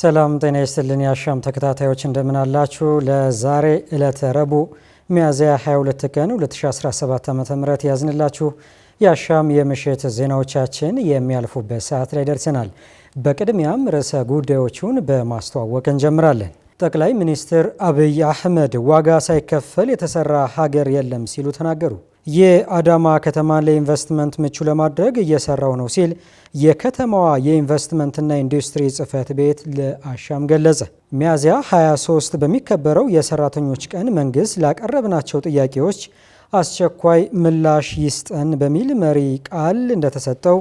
ሰላም ጤና ይስጥልን የአሻም ተከታታዮች እንደምን አላችሁ? ለዛሬ ዕለተ ረቡዕ ሚያዝያ 22 ቀን 2017 ዓ.ም ያዝንላችሁ የአሻም የምሽት ዜናዎቻችን የሚያልፉበት ሰዓት ላይ ደርሰናል። በቅድሚያም ርዕሰ ጉዳዮቹን በማስተዋወቅ እንጀምራለን። ጠቅላይ ሚኒስትር አብይ አህመድ ዋጋ ሳይከፈል የተሰራ ሀገር የለም ሲሉ ተናገሩ። የአዳማ ከተማን ለኢንቨስትመንት ምቹ ለማድረግ እየሰራው ነው ሲል የከተማዋ የኢንቨስትመንትና ኢንዱስትሪ ጽህፈት ቤት ለአሻም ገለጸ። ሚያዝያ 23 በሚከበረው የሰራተኞች ቀን መንግስት ላቀረብናቸው ጥያቄዎች አስቸኳይ ምላሽ ይስጠን በሚል መሪ ቃል እንደተሰጠው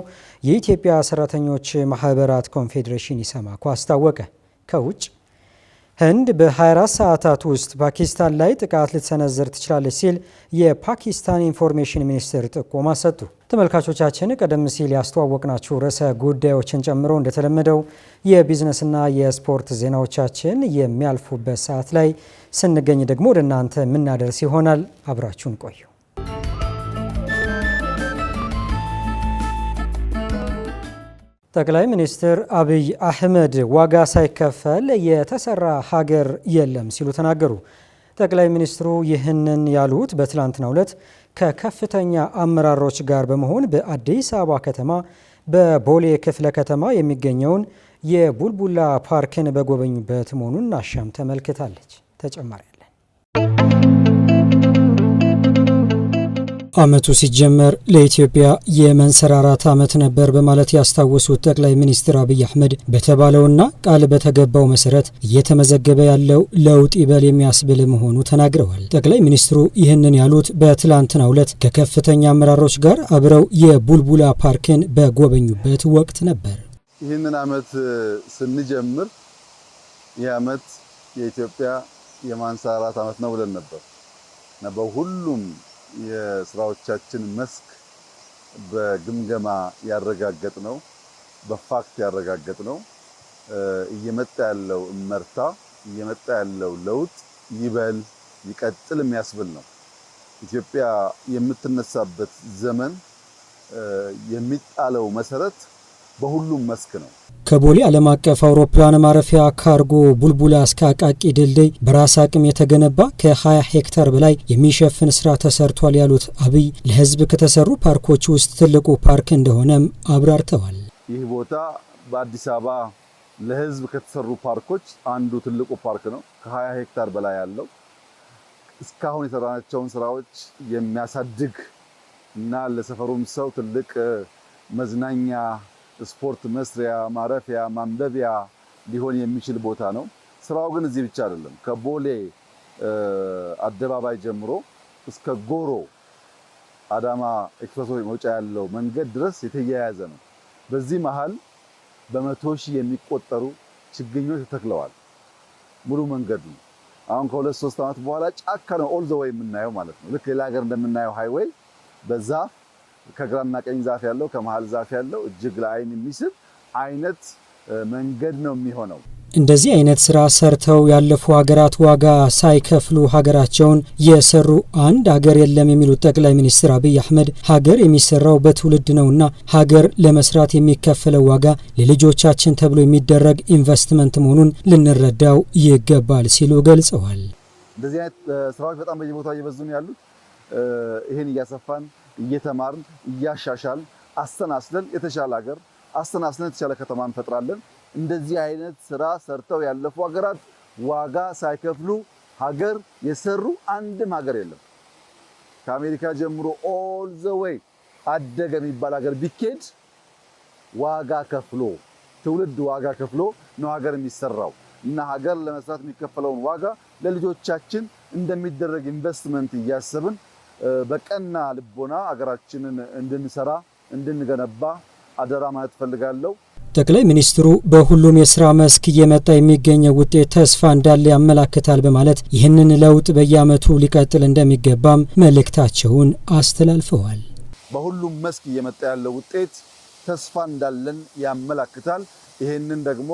የኢትዮጵያ ሰራተኞች ማህበራት ኮንፌዴሬሽን ኢሰማኮ አስታወቀ። ከውጭ ህንድ በ24 ሰዓታት ውስጥ ፓኪስታን ላይ ጥቃት ልትሰነዝር ትችላለች ሲል የፓኪስታን ኢንፎርሜሽን ሚኒስቴር ጥቆማ ሰጡ። ተመልካቾቻችን ቀደም ሲል ያስተዋወቅናችሁ ርዕሰ ጉዳዮችን ጨምሮ እንደተለመደው የቢዝነስና የስፖርት ዜናዎቻችን የሚያልፉበት ሰዓት ላይ ስንገኝ ደግሞ ወደ እናንተ የምናደርስ ይሆናል። አብራችሁን ቆዩ። ጠቅላይ ሚኒስትር አብይ አህመድ ዋጋ ሳይከፈል የተሰራ ሀገር የለም ሲሉ ተናገሩ። ጠቅላይ ሚኒስትሩ ይህንን ያሉት በትላንትናው ዕለት ከከፍተኛ አመራሮች ጋር በመሆን በአዲስ አበባ ከተማ በቦሌ ክፍለ ከተማ የሚገኘውን የቡልቡላ ፓርክን በጎበኙበት መሆኑን አሻም ተመልክታለች። ተጨማሪ አለን። ዓመቱ ሲጀመር ለኢትዮጵያ የመንሰራራት ዓመት ነበር በማለት ያስታወሱት ጠቅላይ ሚኒስትር አብይ አህመድ በተባለውና ቃል በተገባው መሰረት እየተመዘገበ ያለው ለውጥ ይበል የሚያስብል መሆኑ ተናግረዋል። ጠቅላይ ሚኒስትሩ ይህንን ያሉት በትላንትናው ዕለት ከከፍተኛ አመራሮች ጋር አብረው የቡልቡላ ፓርክን በጎበኙበት ወቅት ነበር። ይህንን ዓመት ስንጀምር ይህ ዓመት የኢትዮጵያ የማንሰራራት ዓመት ነው ብለን ነበር እና በሁሉም የስራዎቻችን መስክ በግምገማ ያረጋገጥ ነው፣ በፋክት ያረጋገጥ ነው። እየመጣ ያለው እመርታ እየመጣ ያለው ለውጥ ይበል ይቀጥል የሚያስብል ነው። ኢትዮጵያ የምትነሳበት ዘመን የሚጣለው መሰረት በሁሉም መስክ ነው። ከቦሌ ዓለም አቀፍ አውሮፕላን ማረፊያ ካርጎ ቡልቡላ እስከ አቃቂ ድልድይ በራስ አቅም የተገነባ ከ20 ሄክታር በላይ የሚሸፍን ስራ ተሰርቷል ያሉት አብይ ለህዝብ ከተሰሩ ፓርኮች ውስጥ ትልቁ ፓርክ እንደሆነም አብራርተዋል። ይህ ቦታ በአዲስ አበባ ለህዝብ ከተሰሩ ፓርኮች አንዱ ትልቁ ፓርክ ነው። ከ20 ሄክታር በላይ ያለው እስካሁን የሰራናቸውን ስራዎች የሚያሳድግ እና ለሰፈሩም ሰው ትልቅ መዝናኛ ስፖርት መስሪያ፣ ማረፊያ፣ ማንበቢያ ሊሆን የሚችል ቦታ ነው። ስራው ግን እዚህ ብቻ አይደለም። ከቦሌ አደባባይ ጀምሮ እስከ ጎሮ አዳማ ኤክስፕሬስ መውጫ ያለው መንገድ ድረስ የተያያዘ ነው። በዚህ መሃል በመቶ ሺህ የሚቆጠሩ ችግኞች ተተክለዋል። ሙሉ መንገድ ነው። አሁን ከሁለት ሶስት ዓመት በኋላ ጫካ ነው ኦል ዘ ወይ የምናየው ማለት ነው። ልክ ሌላ ሀገር እንደምናየው ሃይዌይ በዛፍ ከግራና ቀኝ ዛፍ ያለው ከመሀል ዛፍ ያለው እጅግ ለአይን የሚስብ አይነት መንገድ ነው የሚሆነው። እንደዚህ አይነት ስራ ሰርተው ያለፉ ሀገራት ዋጋ ሳይከፍሉ ሀገራቸውን የሰሩ አንድ ሀገር የለም የሚሉት ጠቅላይ ሚኒስትር አብይ አህመድ ሀገር የሚሰራው በትውልድ ነውና ሀገር ለመስራት የሚከፈለው ዋጋ ለልጆቻችን ተብሎ የሚደረግ ኢንቨስትመንት መሆኑን ልንረዳው ይገባል ሲሉ ገልጸዋል። እንደዚህ አይነት ስራዎች በጣም በየቦታው እየበዙ ነው ያሉት። ይህን እያሰፋን እየተማርን እያሻሻልን አስተናስለን የተሻለ ሀገር አስተናስለን የተሻለ ከተማ እንፈጥራለን። እንደዚህ አይነት ስራ ሰርተው ያለፉ ሀገራት ዋጋ ሳይከፍሉ ሀገር የሰሩ አንድም ሀገር የለም። ከአሜሪካ ጀምሮ ኦል ዘ አደገ የሚባል ሀገር ቢኬድ ዋጋ ከፍሎ ትውልድ ዋጋ ከፍሎ ነው ሀገር የሚሰራው እና ሀገር ለመስራት የሚከፈለውን ዋጋ ለልጆቻችን እንደሚደረግ ኢንቨስትመንት እያሰብን በቀና ልቦና አገራችንን እንድንሰራ እንድንገነባ አደራ ማለት ፈልጋለሁ ጠቅላይ ሚኒስትሩ በሁሉም የስራ መስክ እየመጣ የሚገኘው ውጤት ተስፋ እንዳለ ያመላክታል በማለት ይህንን ለውጥ በየዓመቱ ሊቀጥል እንደሚገባም መልእክታቸውን አስተላልፈዋል። በሁሉም መስክ እየመጣ ያለው ውጤት ተስፋ እንዳለን ያመላክታል። ይህንን ደግሞ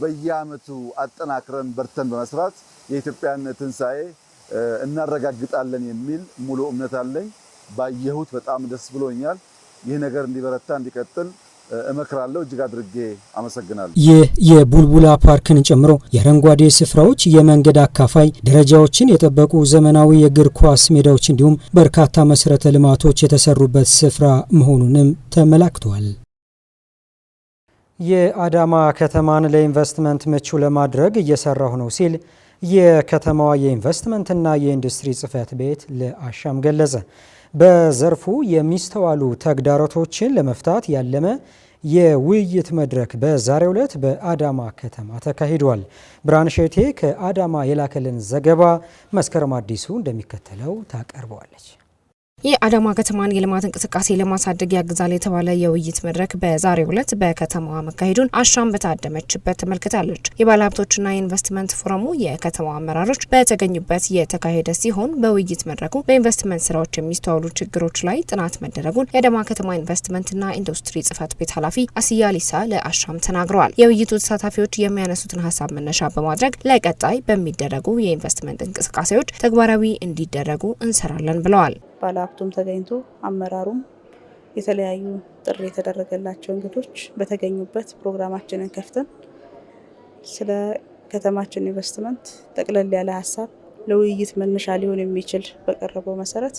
በየዓመቱ አጠናክረን በርተን በመስራት የኢትዮጵያን ትንሣኤ እናረጋግጣለን የሚል ሙሉ እምነት አለኝ። ባየሁት በጣም ደስ ብሎኛል። ይህ ነገር እንዲበረታ እንዲቀጥል እመክራለሁ። እጅግ አድርጌ አመሰግናለሁ። ይህ የቡልቡላ ፓርክን ጨምሮ የአረንጓዴ ስፍራዎች፣ የመንገድ አካፋይ ደረጃዎችን የጠበቁ ዘመናዊ የእግር ኳስ ሜዳዎች እንዲሁም በርካታ መሰረተ ልማቶች የተሰሩበት ስፍራ መሆኑንም ተመላክተዋል። የአዳማ ከተማን ለኢንቨስትመንት ምቹ ለማድረግ እየሰራሁ ነው ሲል የከተማዋ የኢንቨስትመንትና የኢንዱስትሪ ጽህፈት ቤት ለአሻም ገለጸ። በዘርፉ የሚስተዋሉ ተግዳሮቶችን ለመፍታት ያለመ የውይይት መድረክ በዛሬው ዕለት በአዳማ ከተማ ተካሂዷል። ብርሃን ከአዳማ የላከልን ዘገባ መስከረም አዲሱ እንደሚከተለው ታቀርበዋለች። የአዳማ ከተማን የልማት እንቅስቃሴ ለማሳደግ ያግዛል የተባለ የውይይት መድረክ በዛሬው ዕለት በከተማዋ መካሄዱን አሻም በታደመችበት ተመልክታለች። የባለሀብቶችና የኢንቨስትመንት ፎረሙ የከተማዋ አመራሮች በተገኙበት የተካሄደ ሲሆን በውይይት መድረኩ በኢንቨስትመንት ስራዎች የሚስተዋሉ ችግሮች ላይ ጥናት መደረጉን የአዳማ ከተማ ኢንቨስትመንትና ኢንዱስትሪ ጽህፈት ቤት ኃላፊ አስያ ሊሳ ለአሻም ተናግረዋል። የውይይቱ ተሳታፊዎች የሚያነሱትን ሀሳብ መነሻ በማድረግ ለቀጣይ በሚደረጉ የኢንቨስትመንት እንቅስቃሴዎች ተግባራዊ እንዲደረጉ እንሰራለን ብለዋል። ባለሀብቱም ተገኝቶ አመራሩም የተለያዩ ጥሪ የተደረገላቸው እንግዶች በተገኙበት ፕሮግራማችንን ከፍተን ስለ ከተማችን ኢንቨስትመንት ጠቅለል ያለ ሀሳብ ለውይይት መነሻ ሊሆን የሚችል በቀረበው መሰረት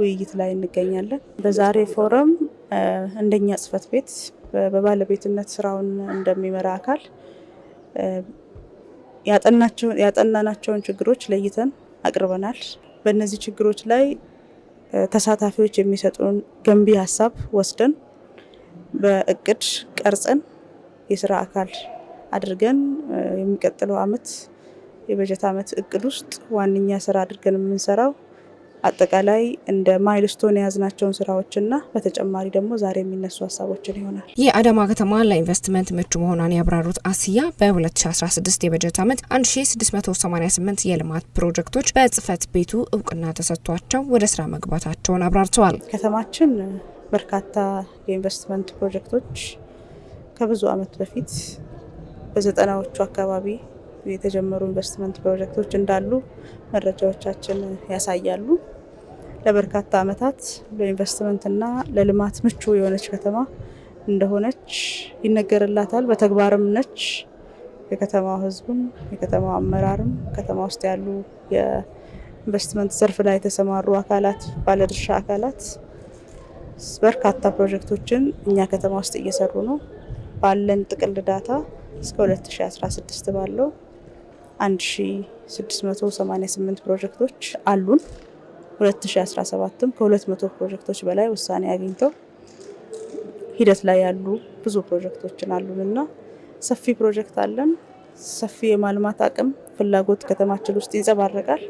ውይይት ላይ እንገኛለን። በዛሬ ፎረም እንደኛ ጽህፈት ቤት በባለቤትነት ስራውን እንደሚመራ አካል ያጠናናቸውን ችግሮች ለይተን አቅርበናል። በእነዚህ ችግሮች ላይ ተሳታፊዎች የሚሰጡን ገንቢ ሀሳብ ወስደን በእቅድ ቀርጸን የስራ አካል አድርገን የሚቀጥለው አመት የበጀት አመት እቅድ ውስጥ ዋነኛ ስራ አድርገን የምንሰራው አጠቃላይ እንደ ማይልስቶን የያዝናቸውን ስራዎችና በተጨማሪ ደግሞ ዛሬ የሚነሱ ሀሳቦችን ይሆናል። የአዳማ ከተማ ለኢንቨስትመንት ምቹ መሆኗን ያብራሩት አስያ በ2016 የበጀት ዓመት 1688 የልማት ፕሮጀክቶች በጽህፈት ቤቱ እውቅና ተሰጥቷቸው ወደ ስራ መግባታቸውን አብራርተዋል። ከተማችን በርካታ የኢንቨስትመንት ፕሮጀክቶች ከብዙ ዓመት በፊት በዘጠናዎቹ አካባቢ የተጀመሩ ኢንቨስትመንት ፕሮጀክቶች እንዳሉ መረጃዎቻችን ያሳያሉ። ለበርካታ ዓመታት ለኢንቨስትመንትና ለልማት ምቹ የሆነች ከተማ እንደሆነች ይነገርላታል። በተግባርም ነች። የከተማው ሕዝብም የከተማው አመራርም ከተማ ውስጥ ያሉ የኢንቨስትመንት ዘርፍ ላይ የተሰማሩ አካላት፣ ባለድርሻ አካላት በርካታ ፕሮጀክቶችን እኛ ከተማ ውስጥ እየሰሩ ነው። ባለን ጥቅል ዳታ እስከ 2016 ባለው 1688 ፕሮጀክቶች አሉን። 2017ም ከ200 ፕሮጀክቶች በላይ ውሳኔ አግኝተው ሂደት ላይ ያሉ ብዙ ፕሮጀክቶችን አሉን እና ሰፊ ፕሮጀክት አለን። ሰፊ የማልማት አቅም ፍላጎት ከተማችን ውስጥ ይንጸባረቃል።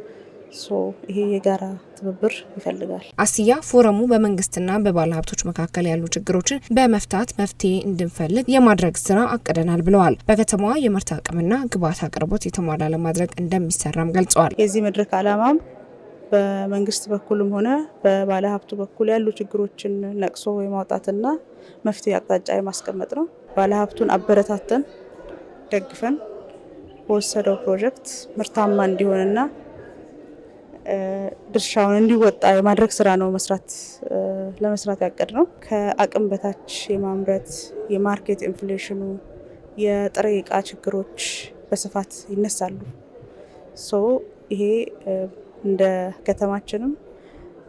ይሄ የጋራ ትብብር ይፈልጋል። አስያ ፎረሙ በመንግስትና በባለ ሀብቶች መካከል ያሉ ችግሮችን በመፍታት መፍትሄ እንድንፈልግ የማድረግ ስራ አቅደናል ብለዋል። በከተማዋ የምርት አቅምና ግብዓት አቅርቦት የተሟላ ለማድረግ እንደሚሰራም ገልጸዋል። የዚህ መድረክ ዓላማም በመንግስት በኩልም ሆነ በባለ ሀብቱ በኩል ያሉ ችግሮችን ነቅሶ የማውጣትና መፍትሄ አቅጣጫ የማስቀመጥ ነው። ባለ ሀብቱን አበረታተን ደግፈን በወሰደው ፕሮጀክት ምርታማ እንዲሆንና ድርሻውን እንዲወጣ የማድረግ ስራ ነው መስራት ለመስራት ያቀድ ነው። ከአቅም በታች የማምረት የማርኬት ኢንፍሌሽኑ፣ የጥሬ እቃ ችግሮች በስፋት ይነሳሉ። ሶ ይሄ እንደ ከተማችንም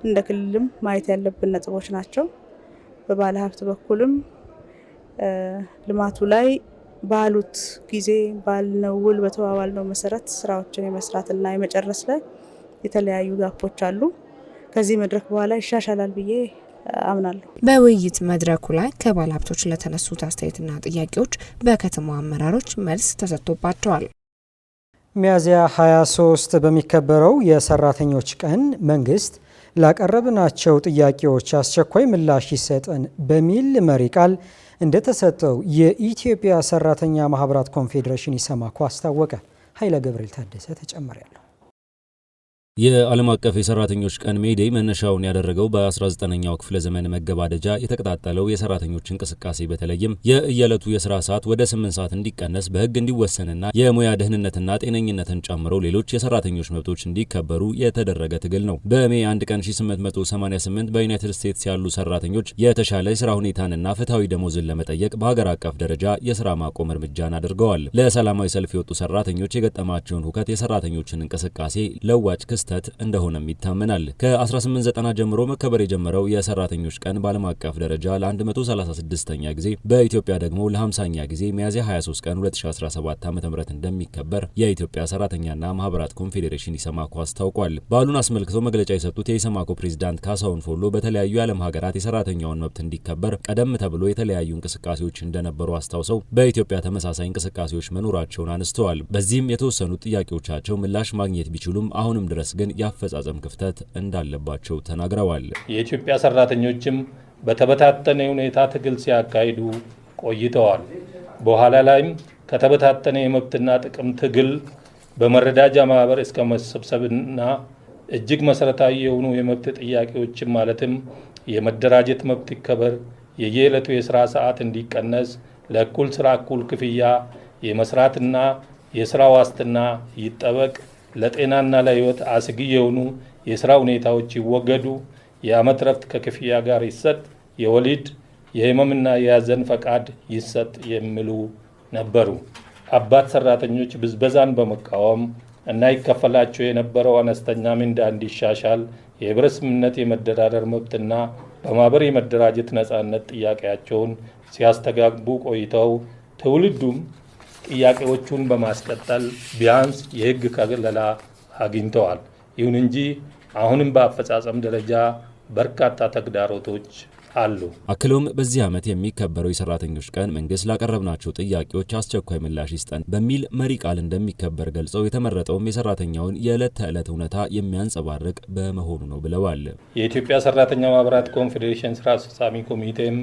እንደ ክልልም ማየት ያለብን ነጥቦች ናቸው። በባለ ሀብት በኩልም ልማቱ ላይ ባሉት ጊዜ ባልነው ውል በተባባልነው መሰረት ስራዎችን የመስራትና የመጨረስ ላይ የተለያዩ ጋፖች አሉ። ከዚህ መድረክ በኋላ ይሻሻላል ብዬ አምናለሁ። በውይይት መድረኩ ላይ ከባለ ሀብቶች ለተነሱት አስተያየትና ጥያቄዎች በከተማ አመራሮች መልስ ተሰጥቶባቸዋል። ሚያዝያ 23 በሚከበረው የሰራተኞች ቀን መንግስት ላቀረብናቸው ጥያቄዎች አስቸኳይ ምላሽ ይሰጠን በሚል መሪ ቃል እንደተሰጠው የኢትዮጵያ ሰራተኛ ማህበራት ኮንፌዴሬሽን ኢሰማኮ አስታወቀ። ኃይለ ገብርኤል ታደሰ ተጨማሪ ያለው የዓለም አቀፍ የሰራተኞች ቀን ሜዴይ መነሻውን ያደረገው በ19ኛው ክፍለ ዘመን መገባደጃ የተቀጣጠለው የሰራተኞች እንቅስቃሴ በተለይም የእየዕለቱ የስራ ሰዓት ወደ 8 ሰዓት እንዲቀነስ በሕግ እንዲወሰንና የሙያ ደህንነትና ጤነኝነትን ጨምሮ ሌሎች የሰራተኞች መብቶች እንዲከበሩ የተደረገ ትግል ነው። በሜ 1 ቀን 1888 በዩናይትድ ስቴትስ ያሉ ሰራተኞች የተሻለ የስራ ሁኔታንና ፍትሐዊ ደሞዝን ለመጠየቅ በሀገር አቀፍ ደረጃ የስራ ማቆም እርምጃን አድርገዋል። ለሰላማዊ ሰልፍ የወጡ ሰራተኞች የገጠማቸውን ሁከት፣ የሰራተኞችን እንቅስቃሴ ለዋጭ ክስ ክስተት እንደሆነም ይታመናል። ከ1890 ጀምሮ መከበር የጀመረው የሰራተኞች ቀን በዓለም አቀፍ ደረጃ ለ136ኛ ጊዜ በኢትዮጵያ ደግሞ ለ50ኛ ጊዜ ሚያዝያ 23 ቀን 2017 ዓ.ም እንደሚከበር የኢትዮጵያ ሰራተኛና ማህበራት ኮንፌዴሬሽን ኢሰማኮ አስታውቋል። በዓሉን አስመልክቶ መግለጫ የሰጡት የኢሰማኮ ፕሬዚዳንት ካሳሁን ፎሎ በተለያዩ የዓለም ሀገራት የሰራተኛውን መብት እንዲከበር ቀደም ተብሎ የተለያዩ እንቅስቃሴዎች እንደነበሩ አስታውሰው በኢትዮጵያ ተመሳሳይ እንቅስቃሴዎች መኖራቸውን አንስተዋል። በዚህም የተወሰኑ ጥያቄዎቻቸው ምላሽ ማግኘት ቢችሉም አሁንም ድረስ ድረስ ግን የአፈጻጸም ክፍተት እንዳለባቸው ተናግረዋል። የኢትዮጵያ ሰራተኞችም በተበታተነ ሁኔታ ትግል ሲያካሂዱ ቆይተዋል። በኋላ ላይም ከተበታተነ የመብትና ጥቅም ትግል በመረዳጃ ማህበር እስከ መሰብሰብና እጅግ መሰረታዊ የሆኑ የመብት ጥያቄዎችን ማለትም የመደራጀት መብት ይከበር፣ የየዕለቱ የስራ ሰዓት እንዲቀነስ፣ ለእኩል ስራ እኩል ክፍያ፣ የመስራትና የስራ ዋስትና ይጠበቅ ለጤናና ለህይወት አስጊ የሆኑ የስራ ሁኔታዎች ይወገዱ፣ የአመት ረፍት ከክፍያ ጋር ይሰጥ፣ የወሊድ የህመምና የያዘን ፈቃድ ይሰጥ የሚሉ ነበሩ። አባት ሰራተኞች ብዝበዛን በመቃወም እና ይከፈላቸው የነበረው አነስተኛ ምንዳ እንዲሻሻል የህብረት ስምምነት የመደራደር መብትና በማህበር የመደራጀት ነፃነት ጥያቄያቸውን ሲያስተጋግቡ ቆይተው ትውልዱም ጥያቄዎቹን በማስቀጠል ቢያንስ የህግ ከለላ አግኝተዋል። ይሁን እንጂ አሁንም በአፈጻጸም ደረጃ በርካታ ተግዳሮቶች አሉ። አክሎም በዚህ ዓመት የሚከበረው የሰራተኞች ቀን መንግስት ላቀረብናቸው ጥያቄዎች አስቸኳይ ምላሽ ይስጠን በሚል መሪ ቃል እንደሚከበር ገልጸው የተመረጠውም የሰራተኛውን የዕለት ተዕለት እውነታ የሚያንጸባርቅ በመሆኑ ነው ብለዋል። የኢትዮጵያ ሰራተኛ ማህበራት ኮንፌዴሬሽን ስራ አስፈጻሚ ኮሚቴም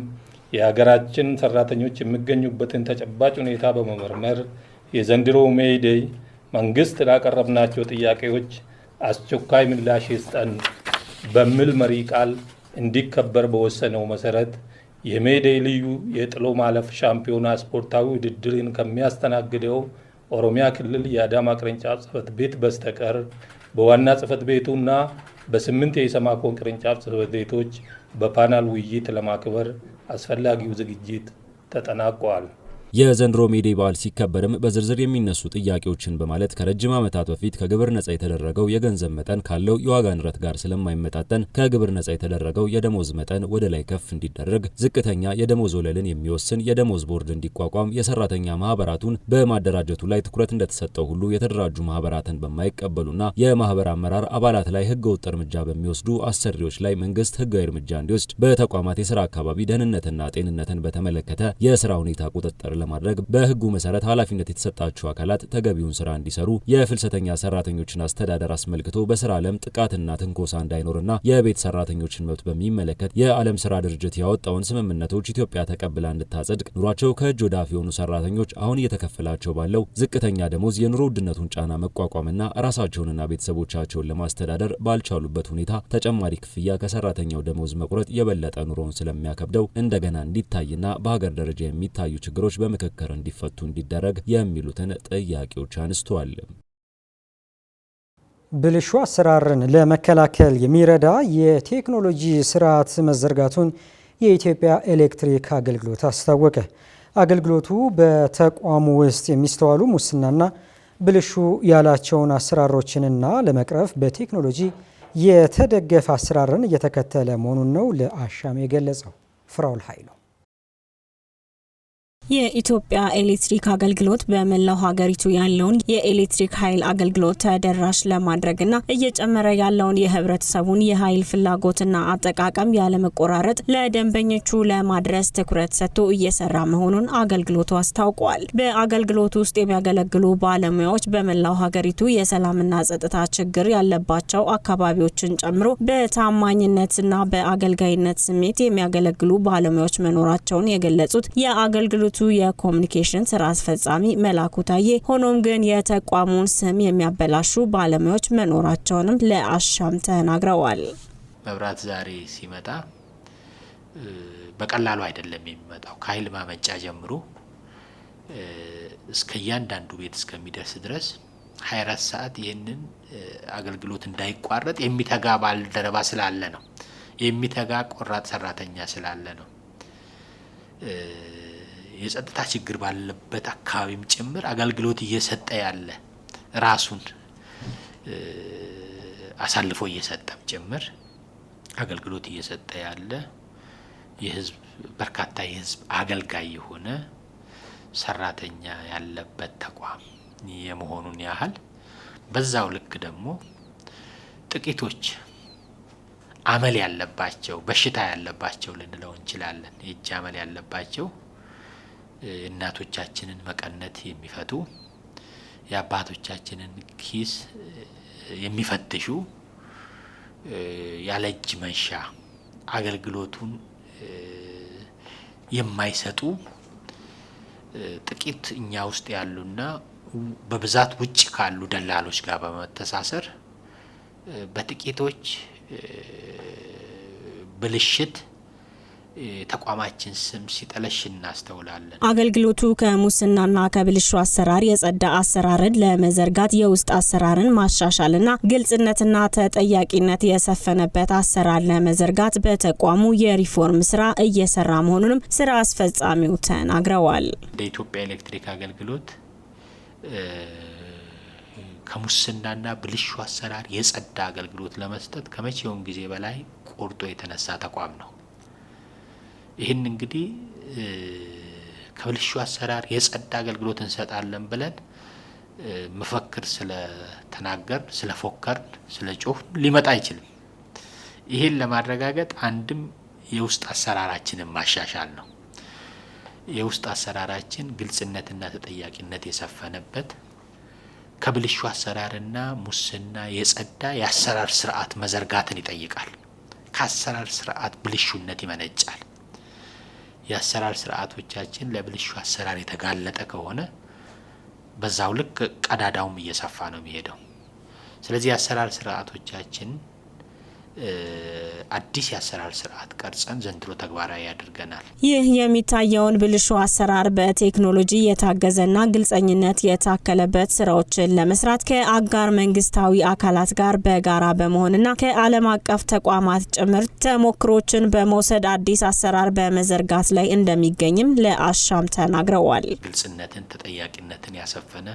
የሀገራችን ሰራተኞች የሚገኙበትን ተጨባጭ ሁኔታ በመመርመር የዘንድሮ ሜይዴይ መንግስት ላቀረብናቸው ጥያቄዎች አስቸኳይ ምላሽ ይስጠን በሚል መሪ ቃል እንዲከበር በወሰነው መሰረት የሜይዴይ ልዩ የጥሎ ማለፍ ሻምፒዮና ስፖርታዊ ውድድርን ከሚያስተናግደው ኦሮሚያ ክልል የአዳማ ቅርንጫፍ ጽህፈት ቤት በስተቀር በዋና ጽህፈት ቤቱና በስምንት የኢሰማኮን ቅርንጫፍ ጽህፈት ቤቶች በፓናል ውይይት ለማክበር አስፈላጊው ዝግጅት ተጠናቋል። የዘንድሮ ሜዴ በዓል ሲከበርም በዝርዝር የሚነሱ ጥያቄዎችን በማለት ከረጅም ዓመታት በፊት ከግብር ነጻ የተደረገው የገንዘብ መጠን ካለው የዋጋ ንረት ጋር ስለማይመጣጠን ከግብር ነጻ የተደረገው የደሞዝ መጠን ወደ ላይ ከፍ እንዲደረግ፣ ዝቅተኛ የደሞዝ ወለልን የሚወስን የደሞዝ ቦርድ እንዲቋቋም፣ የሰራተኛ ማህበራቱን በማደራጀቱ ላይ ትኩረት እንደተሰጠው ሁሉ የተደራጁ ማህበራትን በማይቀበሉና የማህበር አመራር አባላት ላይ ህገወጥ እርምጃ በሚወስዱ አሰሪዎች ላይ መንግስት ህጋዊ እርምጃ እንዲወስድ፣ በተቋማት የስራ አካባቢ ደህንነትና ጤንነትን በተመለከተ የስራ ሁኔታ ቁጥጥር ለማድረግ በህጉ መሰረት ኃላፊነት የተሰጣቸው አካላት ተገቢውን ስራ እንዲሰሩ የፍልሰተኛ ሰራተኞችን አስተዳደር አስመልክቶ በስራ ዓለም ጥቃትና ትንኮሳ እንዳይኖርና የቤት ሰራተኞችን መብት በሚመለከት የዓለም ስራ ድርጅት ያወጣውን ስምምነቶች ኢትዮጵያ ተቀብላ እንድታጸድቅ ኑሯቸው ከእጅ ወደ አፍ የሆኑ ሰራተኞች አሁን እየተከፈላቸው ባለው ዝቅተኛ ደሞዝ የኑሮ ውድነቱን ጫና መቋቋምና ራሳቸውንና ቤተሰቦቻቸውን ለማስተዳደር ባልቻሉበት ሁኔታ ተጨማሪ ክፍያ ከሰራተኛው ደሞዝ መቁረጥ የበለጠ ኑሮውን ስለሚያከብደው እንደገና እንዲታይና በሀገር ደረጃ የሚታዩ ችግሮች በምክክር እንዲፈቱ እንዲደረግ የሚሉትን ጥያቄዎች አንስተዋል። ብልሹ አሰራርን ለመከላከል የሚረዳ የቴክኖሎጂ ስርዓት መዘርጋቱን የኢትዮጵያ ኤሌክትሪክ አገልግሎት አስታወቀ። አገልግሎቱ በተቋሙ ውስጥ የሚስተዋሉ ሙስናና ብልሹ ያላቸውን አሰራሮችንና ለመቅረፍ በቴክኖሎጂ የተደገፈ አሰራርን እየተከተለ መሆኑን ነው ለአሻም የገለጸው። ፍራውል ኃይሉ የኢትዮጵያ ኤሌክትሪክ አገልግሎት በመላው ሀገሪቱ ያለውን የኤሌክትሪክ ኃይል አገልግሎት ተደራሽ ለማድረግና እየጨመረ ያለውን የህብረተሰቡን የኃይል ፍላጎትና አጠቃቀም ያለመቆራረጥ ለደንበኞቹ ለማድረስ ትኩረት ሰጥቶ እየሰራ መሆኑን አገልግሎቱ አስታውቋል። በአገልግሎቱ ውስጥ የሚያገለግሉ ባለሙያዎች በመላው ሀገሪቱ የሰላምና ጸጥታ ችግር ያለባቸው አካባቢዎችን ጨምሮ በታማኝነትና በአገልጋይነት ስሜት የሚያገለግሉ ባለሙያዎች መኖራቸውን የገለጹት የአገልግሎቱ የድርጅቱ የኮሚኒኬሽን ስራ አስፈጻሚ መላኩ ታዬ፣ ሆኖም ግን የተቋሙን ስም የሚያበላሹ ባለሙያዎች መኖራቸውንም ለአሻም ተናግረዋል። መብራት ዛሬ ሲመጣ በቀላሉ አይደለም የሚመጣው። ከኃይል ማመንጫ ጀምሮ እስከ እያንዳንዱ ቤት እስከሚደርስ ድረስ 24 ሰዓት ይህንን አገልግሎት እንዳይቋረጥ የሚተጋ ባልደረባ ስላለ ነው። የሚተጋ ቆራጥ ሰራተኛ ስላለ ነው። የጸጥታ ችግር ባለበት አካባቢም ጭምር አገልግሎት እየሰጠ ያለ ራሱን አሳልፎ እየሰጠም ጭምር አገልግሎት እየሰጠ ያለ የህዝብ በርካታ የህዝብ አገልጋይ የሆነ ሰራተኛ ያለበት ተቋም የመሆኑን ያህል በዛው ልክ ደግሞ ጥቂቶች አመል ያለባቸው በሽታ ያለባቸው ልንለው እንችላለን። የእጅ አመል ያለባቸው የእናቶቻችንን መቀነት የሚፈቱ የአባቶቻችንን ኪስ የሚፈትሹ ያለ እጅ መንሻ አገልግሎቱን የማይሰጡ ጥቂት እኛ ውስጥ ያሉና በብዛት ውጭ ካሉ ደላሎች ጋር በመተሳሰር በጥቂቶች ብልሽት ተቋማችን ስም ሲጠለሽ እናስተውላለን። አገልግሎቱ ከሙስናና ከብልሹ አሰራር የጸዳ አሰራርን ለመዘርጋት የውስጥ አሰራርን ማሻሻልና ግልጽነትና ተጠያቂነት የሰፈነበት አሰራር ለመዘርጋት በተቋሙ የሪፎርም ስራ እየሰራ መሆኑንም ስራ አስፈጻሚው ተናግረዋል። እንደ ኢትዮጵያ ኤሌክትሪክ አገልግሎት ከሙስናና ብልሹ አሰራር የጸዳ አገልግሎት ለመስጠት ከመቼውን ጊዜ በላይ ቆርጦ የተነሳ ተቋም ነው። ይህን እንግዲህ ከብልሹ አሰራር የጸዳ አገልግሎት እንሰጣለን ብለን መፈክር ስለተናገር ስለፎከር ስለ ጮህ ሊመጣ አይችልም። ይህን ለማረጋገጥ አንድም የውስጥ አሰራራችንን ማሻሻል ነው። የውስጥ አሰራራችን ግልጽነትና ተጠያቂነት የሰፈነበት ከብልሹ አሰራርና ሙስና የጸዳ የአሰራር ስርዓት መዘርጋትን ይጠይቃል። ከአሰራር ስርዓት ብልሹነት ይመነጫል። የአሰራር ስርዓቶቻችን ለብልሹ አሰራር የተጋለጠ ከሆነ በዛው ልክ ቀዳዳውም እየሰፋ ነው የሚሄደው። ስለዚህ የአሰራር ስርዓቶቻችን አዲስ የአሰራር ስርዓት ቀርጸን ዘንድሮ ተግባራዊ ያደርገናል። ይህ የሚታየውን ብልሹ አሰራር በቴክኖሎጂ የታገዘና ግልጸኝነት የታከለበት ስራዎችን ለመስራት ከአጋር መንግስታዊ አካላት ጋር በጋራ በመሆንና ከዓለም አቀፍ ተቋማት ጭምር ተሞክሮችን በመውሰድ አዲስ አሰራር በመዘርጋት ላይ እንደሚገኝም ለአሻም ተናግረዋል። ግልጽነትን፣ ተጠያቂነትን ያሰፈነ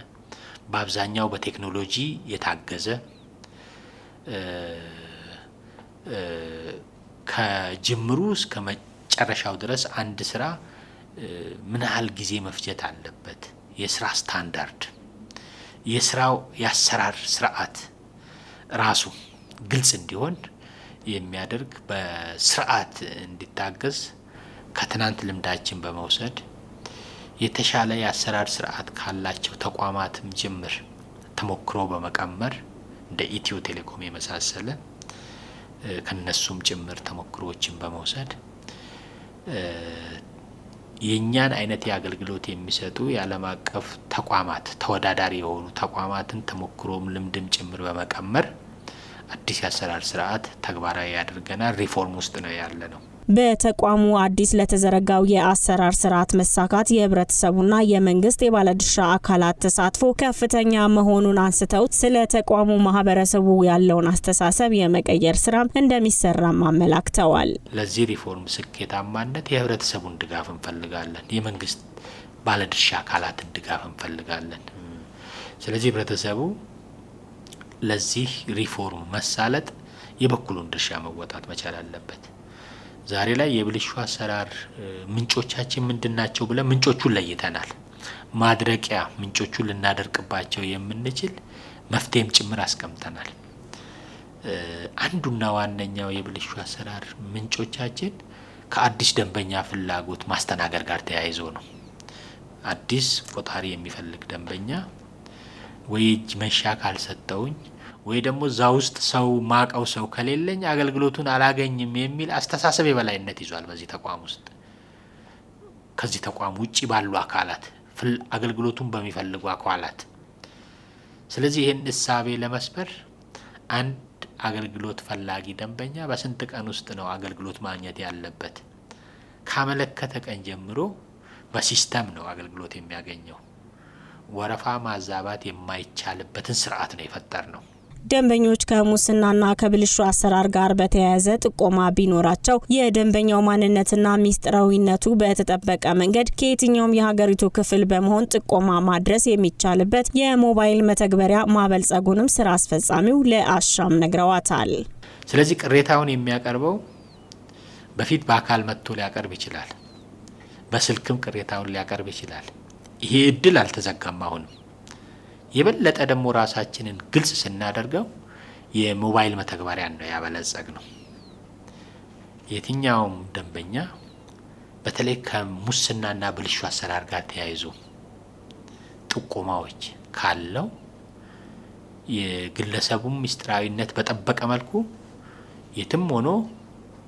በአብዛኛው በቴክኖሎጂ የታገዘ ከጅምሩ እስከ መጨረሻው ድረስ አንድ ስራ ምን ያህል ጊዜ መፍጀት አለበት፣ የስራ ስታንዳርድ፣ የስራው የአሰራር ስርዓት ራሱ ግልጽ እንዲሆን የሚያደርግ በስርዓት እንዲታገዝ ከትናንት ልምዳችን በመውሰድ የተሻለ የአሰራር ስርዓት ካላቸው ተቋማትም ጅምር ተሞክሮ በመቀመር እንደ ኢትዮ ቴሌኮም የመሳሰለ ከነሱም ጭምር ተሞክሮዎችን በመውሰድ የእኛን አይነት የአገልግሎት የሚሰጡ የዓለም አቀፍ ተቋማት ተወዳዳሪ የሆኑ ተቋማትን ተሞክሮም ልምድም ጭምር በመቀመር አዲስ የአሰራር ስርዓት ተግባራዊ ያደርገናል። ሪፎርም ውስጥ ነው ያለ ነው። በተቋሙ አዲስ ለተዘረጋው የአሰራር ስርዓት መሳካት የህብረተሰቡና የመንግስት የባለድርሻ አካላት ተሳትፎ ከፍተኛ መሆኑን አንስተው ስለ ተቋሙ ማህበረሰቡ ያለውን አስተሳሰብ የመቀየር ስራም እንደሚሰራም አመላክተዋል። ለዚህ ሪፎርም ስኬታማነት የህብረተሰቡን ድጋፍ እንፈልጋለን። የመንግስት ባለድርሻ አካላትን ድጋፍ እንፈልጋለን። ስለዚህ ህብረተሰቡ ለዚህ ሪፎርም መሳለጥ የበኩሉን ድርሻ መወጣት መቻል አለበት። ዛሬ ላይ የብልሹ አሰራር ምንጮቻችን ምንድን ናቸው ብለን ምንጮቹን ለይተናል። ማድረቂያ ምንጮቹን ልናደርቅባቸው የምንችል መፍትሄም ጭምር አስቀምጠናል። አንዱና ዋነኛው የብልሹ አሰራር ምንጮቻችን ከአዲስ ደንበኛ ፍላጎት ማስተናገድ ጋር ተያይዞ ነው። አዲስ ቆጣሪ የሚፈልግ ደንበኛ ወይ እጅ መንሻ ካልሰጠውኝ ወይ ደግሞ እዛ ውስጥ ሰው ማቀው ሰው ከሌለኝ አገልግሎቱን አላገኝም የሚል አስተሳሰብ የበላይነት ይዟል። በዚህ ተቋም ውስጥ ከዚህ ተቋም ውጭ ባሉ አካላት አገልግሎቱን በሚፈልጉ አካላት። ስለዚህ ይህን እሳቤ ለመስበር አንድ አገልግሎት ፈላጊ ደንበኛ በስንት ቀን ውስጥ ነው አገልግሎት ማግኘት ያለበት? ካመለከተ ቀን ጀምሮ በሲስተም ነው አገልግሎት የሚያገኘው። ወረፋ ማዛባት የማይቻልበትን ስርዓት ነው የፈጠር ነው። ደንበኞች ከሙስናና ከብልሹ አሰራር ጋር በተያያዘ ጥቆማ ቢኖራቸው የደንበኛው ማንነትና ሚስጥራዊነቱ በተጠበቀ መንገድ ከየትኛውም የሀገሪቱ ክፍል በመሆን ጥቆማ ማድረስ የሚቻልበት የሞባይል መተግበሪያ ማበልጸጉንም ስራ አስፈጻሚው ለአሻም ነግረዋታል። ስለዚህ ቅሬታውን የሚያቀርበው በፊት በአካል መጥቶ ሊያቀርብ ይችላል። በስልክም ቅሬታውን ሊያቀርብ ይችላል። ይሄ እድል አልተዘጋም አሁንም የበለጠ ደግሞ ራሳችንን ግልጽ ስናደርገው የሞባይል መተግበሪያን ነው ያበለጸግ ነው። የትኛውም ደንበኛ በተለይ ከሙስናና ብልሹ አሰራር ጋር ተያይዞ ጥቆማዎች ካለው የግለሰቡን ምስጢራዊነት በጠበቀ መልኩ የትም ሆኖ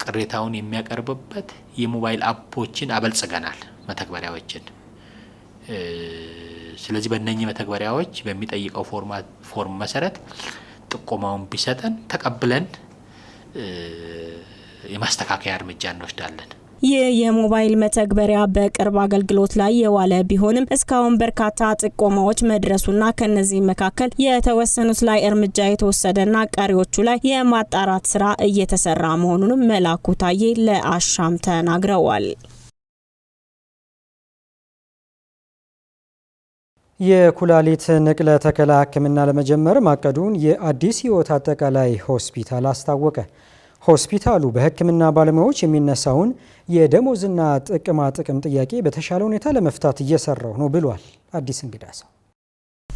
ቅሬታውን የሚያቀርብበት የሞባይል አፖችን አበልጽገናል፣ መተግበሪያዎችን ስለዚህ በእነኚህ መተግበሪያዎች በሚጠይቀው ፎርም መሰረት ጥቆማውን ቢሰጠን ተቀብለን የማስተካከያ እርምጃ እንወስዳለን። ይህ የሞባይል መተግበሪያ በቅርብ አገልግሎት ላይ የዋለ ቢሆንም እስካሁን በርካታ ጥቆማዎች መድረሱና ከነዚህ መካከል የተወሰኑት ላይ እርምጃ የተወሰደና ቀሪዎቹ ላይ የማጣራት ስራ እየተሰራ መሆኑንም መላኩ ታዬ ለአሻም ተናግረዋል። የኩላሊት ንቅለ ተከላ ሕክምና ለመጀመር ማቀዱን የአዲስ ሕይወት አጠቃላይ ሆስፒታል አስታወቀ። ሆስፒታሉ በሕክምና ባለሙያዎች የሚነሳውን የደሞዝና ጥቅማ ጥቅም ጥያቄ በተሻለ ሁኔታ ለመፍታት እየሰራው ነው ብሏል። አዲስ እንግዳ ሰው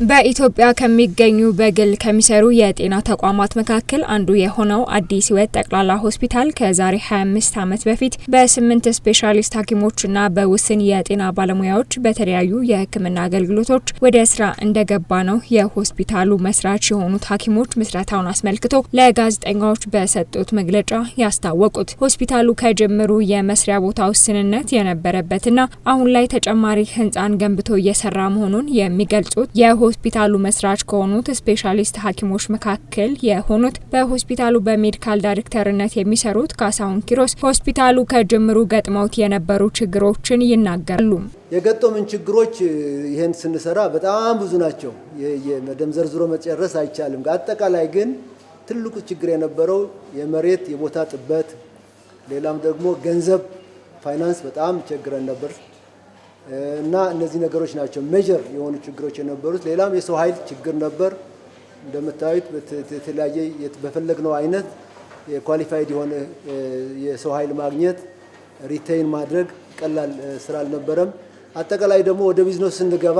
በኢትዮጵያ ከሚገኙ በግል ከሚሰሩ የጤና ተቋማት መካከል አንዱ የሆነው አዲስ ሕይወት ጠቅላላ ሆስፒታል ከዛሬ 25 ዓመት በፊት በስምንት ስፔሻሊስት ሐኪሞችና በውስን የጤና ባለሙያዎች በተለያዩ የሕክምና አገልግሎቶች ወደ ስራ እንደገባ ነው የሆስፒታሉ መስራች የሆኑት ሐኪሞች ምስረታውን አስመልክቶ ለጋዜጠኛዎች በሰጡት መግለጫ ያስታወቁት። ሆስፒታሉ ከጅምሩ የመስሪያ ቦታ ውስንነት የነበረበትና አሁን ላይ ተጨማሪ ሕንፃን ገንብቶ እየሰራ መሆኑን የሚገልጹት የሆስፒታሉ መስራች ከሆኑት ስፔሻሊስት ሐኪሞች መካከል የሆኑት በሆስፒታሉ በሜዲካል ዳይሬክተርነት የሚሰሩት ካሳሁን ኪሮስ ሆስፒታሉ ከጅምሩ ገጥመውት የነበሩ ችግሮችን ይናገራሉ። የገጠሙን ችግሮች ይህን ስንሰራ በጣም ብዙ ናቸው። የመደም ዘርዝሮ መጨረስ አይቻልም። አጠቃላይ ግን ትልቁ ችግር የነበረው የመሬት የቦታ ጥበት፣ ሌላም ደግሞ ገንዘብ ፋይናንስ በጣም ቸግረን ነበር። እና እነዚህ ነገሮች ናቸው ሜጀር የሆኑ ችግሮች የነበሩት። ሌላም የሰው ኃይል ችግር ነበር። እንደምታዩት የተለያየ በፈለግነው አይነት የኳሊፋይድ የሆነ የሰው ኃይል ማግኘት ሪቴይን ማድረግ ቀላል ስራ አልነበረም። አጠቃላይ ደግሞ ወደ ቢዝነስ ስንገባ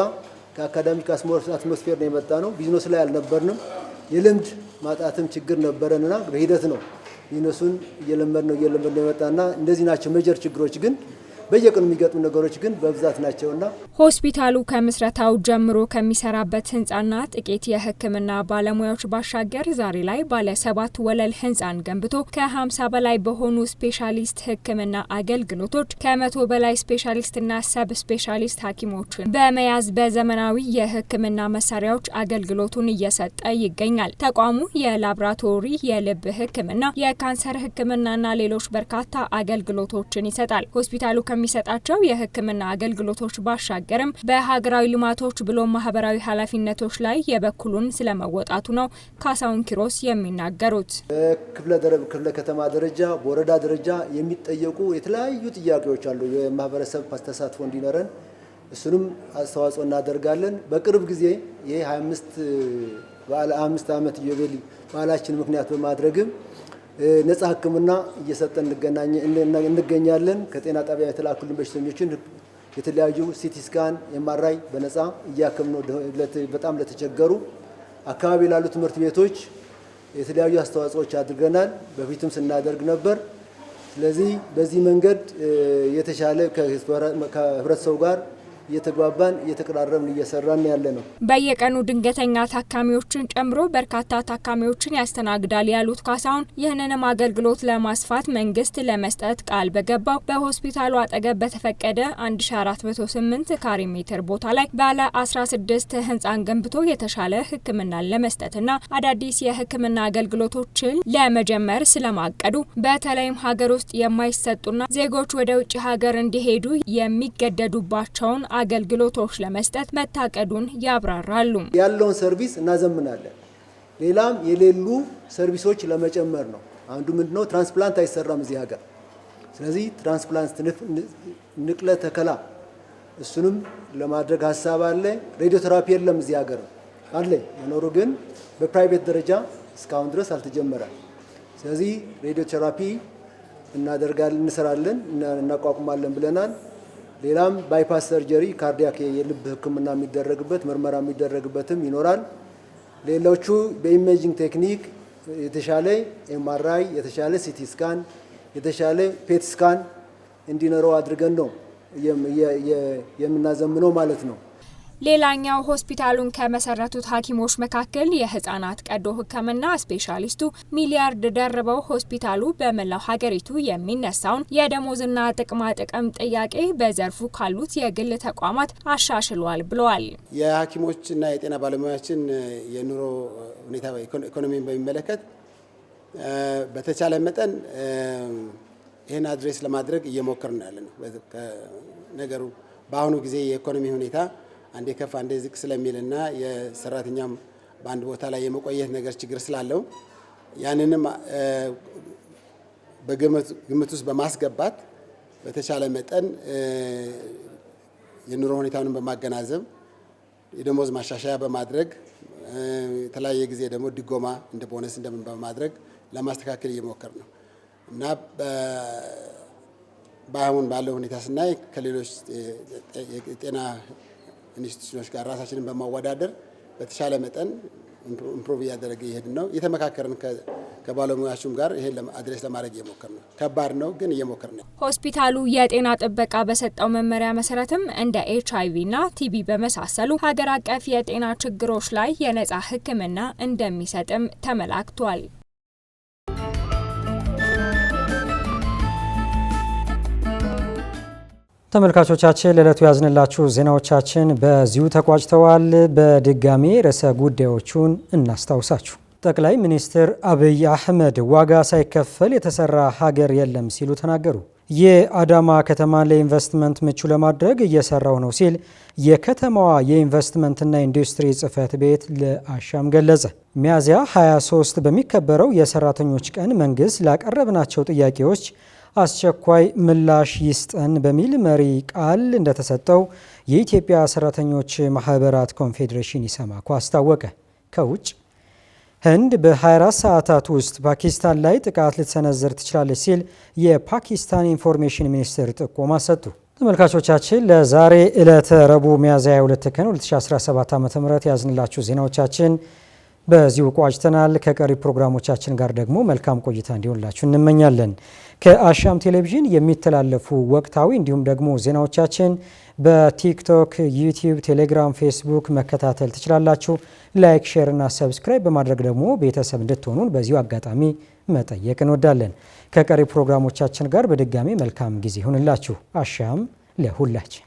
ከአካዳሚክ አትሞስፌር ነው የመጣ ነው። ቢዝነስ ላይ አልነበርንም። የልምድ ማጣትም ችግር ነበረንና በሂደት ነው ቢዝነሱን እየለመድ ነው እየለመድ ነው የመጣና እንደዚህ ናቸው ሜጀር ችግሮች ግን በየቀኑ የሚገጥሙ ነገሮች ግን በብዛት ናቸውና ሆስፒታሉ ከምስረታው ጀምሮ ከሚሰራበት ህንፃና ጥቂት የሕክምና ባለሙያዎች ባሻገር ዛሬ ላይ ባለ ሰባት ወለል ህንፃን ገንብቶ ከ50 በላይ በሆኑ ስፔሻሊስት ሕክምና አገልግሎቶች ከመቶ በላይ ስፔሻሊስትና ሰብ ስፔሻሊስት ሐኪሞችን በመያዝ በዘመናዊ የህክምና መሳሪያዎች አገልግሎቱን እየሰጠ ይገኛል። ተቋሙ የላብራቶሪ፣ የልብ ሕክምና፣ የካንሰር ሕክምናና ሌሎች በርካታ አገልግሎቶችን ይሰጣል። ሆስፒታሉ ከሚሰጣቸው የሕክምና አገልግሎቶች ባሻገርም በሀገራዊ ልማቶች ብሎም ማህበራዊ ኃላፊነቶች ላይ የበኩሉን ስለመወጣቱ ነው ካሳውን ኪሮስ የሚናገሩት። ክፍለ ደረብ ክፍለ ከተማ ደረጃ በወረዳ ደረጃ የሚጠየቁ የተለያዩ ጥያቄዎች አሉ። የማህበረሰብ አስተሳትፎ እንዲኖረን እሱንም አስተዋጽኦ እናደርጋለን። በቅርብ ጊዜ ይህ 25 በዓል አምስት ዓመት ኢዮቤልዩ በዓላችን ምክንያት በማድረግም ነጻ ሕክምና እየሰጠን እንገኛለን። ከጤና ጣቢያ የተላኩልን በሽተኞችን የተለያዩ ሲቲ ስካን፣ ኤምአርአይ በነጻ እያከምነ በጣም ለተቸገሩ አካባቢ ላሉ ትምህርት ቤቶች የተለያዩ አስተዋጽኦዎች አድርገናል። በፊትም ስናደርግ ነበር። ስለዚህ በዚህ መንገድ የተሻለ ከህብረተሰቡ ጋር እየተግባባን እየተቀራረብን እየሰራን ያለ ነው። በየቀኑ ድንገተኛ ታካሚዎችን ጨምሮ በርካታ ታካሚዎችን ያስተናግዳል ያሉት ካሳሁን ይህንንም አገልግሎት ለማስፋት መንግስት ለመስጠት ቃል በገባው በሆስፒታሉ አጠገብ በተፈቀደ 1408 ካሬ ሜትር ቦታ ላይ ባለ 16 ህንፃን ገንብቶ የተሻለ ሕክምናን ለመስጠትና አዳዲስ የህክምና አገልግሎቶችን ለመጀመር ስለማቀዱ በተለይም ሀገር ውስጥ የማይሰጡና ዜጎች ወደ ውጭ ሀገር እንዲሄዱ የሚገደዱባቸውን አገልግሎቶች ለመስጠት መታቀዱን ያብራራሉ። ያለውን ሰርቪስ እናዘምናለን። ሌላም የሌሉ ሰርቪሶች ለመጨመር ነው። አንዱ ምንድነው ትራንስፕላንት አይሰራም እዚህ ሀገር። ስለዚህ ትራንስፕላንት ንቅለ ተከላ እሱንም ለማድረግ ሀሳብ አለ። ሬዲዮቴራፒ የለም እዚህ ሀገር አለ መኖሩ ግን በፕራይቬት ደረጃ እስካሁን ድረስ አልተጀመረም። ስለዚህ ሬዲዮቴራፒ እናደርጋለን፣ እንሰራለን፣ እናቋቁማለን ብለናል። ሌላም ባይፓስ ሰርጀሪ ካርዲያክ የልብ ህክምና የሚደረግበት ምርመራ የሚደረግበትም ይኖራል። ሌሎቹ በኢሜጂንግ ቴክኒክ የተሻለ ኤምአርአይ፣ የተሻለ ሲቲ ስካን፣ የተሻለ ፔት ስካን e እንዲኖረው አድርገን ነው የምናዘምነው ማለት ነው። ሌላኛው ሆስፒታሉን ከመሰረቱት ሐኪሞች መካከል የህጻናት ቀዶ ሕክምና ስፔሻሊስቱ ሚሊያርድ ደርበው ሆስፒታሉ በመላው ሀገሪቱ የሚነሳውን የደሞዝና ጥቅማ ጥቅም ጥያቄ በዘርፉ ካሉት የግል ተቋማት አሻሽሏል ብለዋል። የሐኪሞችና የጤና ባለሙያዎችን የኑሮ ሁኔታ ኢኮኖሚን በሚመለከት በተቻለ መጠን ይህን አድሬስ ለማድረግ እየሞከርን ያለ ነው። ነገሩ በአሁኑ ጊዜ የኢኮኖሚ ሁኔታ አንዴ ከፍ አንዴ ዝቅ ስለሚልና የሰራተኛም በአንድ ቦታ ላይ የመቆየት ነገር ችግር ስላለው ያንንም በግምት ውስጥ በማስገባት በተቻለ መጠን የኑሮ ሁኔታውን በማገናዘብ የደሞዝ ማሻሻያ በማድረግ የተለያየ ጊዜ ደግሞ ድጎማ እንደ ቦነስ እንደምን በማድረግ ለማስተካከል እየሞከር ነው እና በአሁን ባለው ሁኔታ ስናይ ከሌሎች የጤና ኢንስቲትዩሽኖች ጋር ራሳችንን በማወዳደር በተሻለ መጠን ኢምፕሩቭ እያደረገ ይሄድ ነው። የተመካከርን ከባለሙያችም ጋር ይሄን አድሬስ ለማድረግ እየሞከር ነው። ከባድ ነው ግን እየሞከር ነው። ሆስፒታሉ የጤና ጥበቃ በሰጠው መመሪያ መሰረትም እንደ ኤች አይ ቪና ቲቢ በመሳሰሉ ሀገር አቀፍ የጤና ችግሮች ላይ የነጻ ሕክምና እንደሚሰጥም ተመላክቷል። ተመልካቾቻችን ለዕለቱ ያዝንላችሁ ዜናዎቻችን በዚሁ ተቋጭተዋል። በድጋሚ ርዕሰ ጉዳዮቹን እናስታውሳችሁ። ጠቅላይ ሚኒስትር አብይ አህመድ ዋጋ ሳይከፈል የተሰራ ሀገር የለም ሲሉ ተናገሩ። የአዳማ ከተማን ለኢንቨስትመንት ምቹ ለማድረግ እየሰራው ነው ሲል የከተማዋ የኢንቨስትመንትና ኢንዱስትሪ ጽህፈት ቤት ለአሻም ገለጸ። ሚያዝያ 23 በሚከበረው የሰራተኞች ቀን መንግስት ላቀረብናቸው ጥያቄዎች አስቸኳይ ምላሽ ይስጠን በሚል መሪ ቃል እንደተሰጠው የኢትዮጵያ ሰራተኞች ማህበራት ኮንፌዴሬሽን ኢሰማኮ አስታወቀ። ከውጭ ህንድ በ24 ሰዓታት ውስጥ ፓኪስታን ላይ ጥቃት ልትሰነዝር ትችላለች ሲል የፓኪስታን ኢንፎርሜሽን ሚኒስቴር ጥቆማ ሰጡ። ተመልካቾቻችን ለዛሬ ዕለተ ረቡዕ ሚያዝያ 22 ቀን 2017 ዓ ም ያዝንላችሁ ዜናዎቻችን በዚሁ ቋጭተናል። ከቀሪ ፕሮግራሞቻችን ጋር ደግሞ መልካም ቆይታ እንዲሆንላችሁ እንመኛለን። ከአሻም ቴሌቪዥን የሚተላለፉ ወቅታዊ እንዲሁም ደግሞ ዜናዎቻችን በቲክቶክ፣ ዩቲዩብ፣ ቴሌግራም፣ ፌስቡክ መከታተል ትችላላችሁ። ላይክ፣ ሼር እና ሰብስክራይብ በማድረግ ደግሞ ቤተሰብ እንድትሆኑን በዚሁ አጋጣሚ መጠየቅ እንወዳለን። ከቀሪ ፕሮግራሞቻችን ጋር በድጋሚ መልካም ጊዜ ይሁንላችሁ። አሻም ለሁላችን!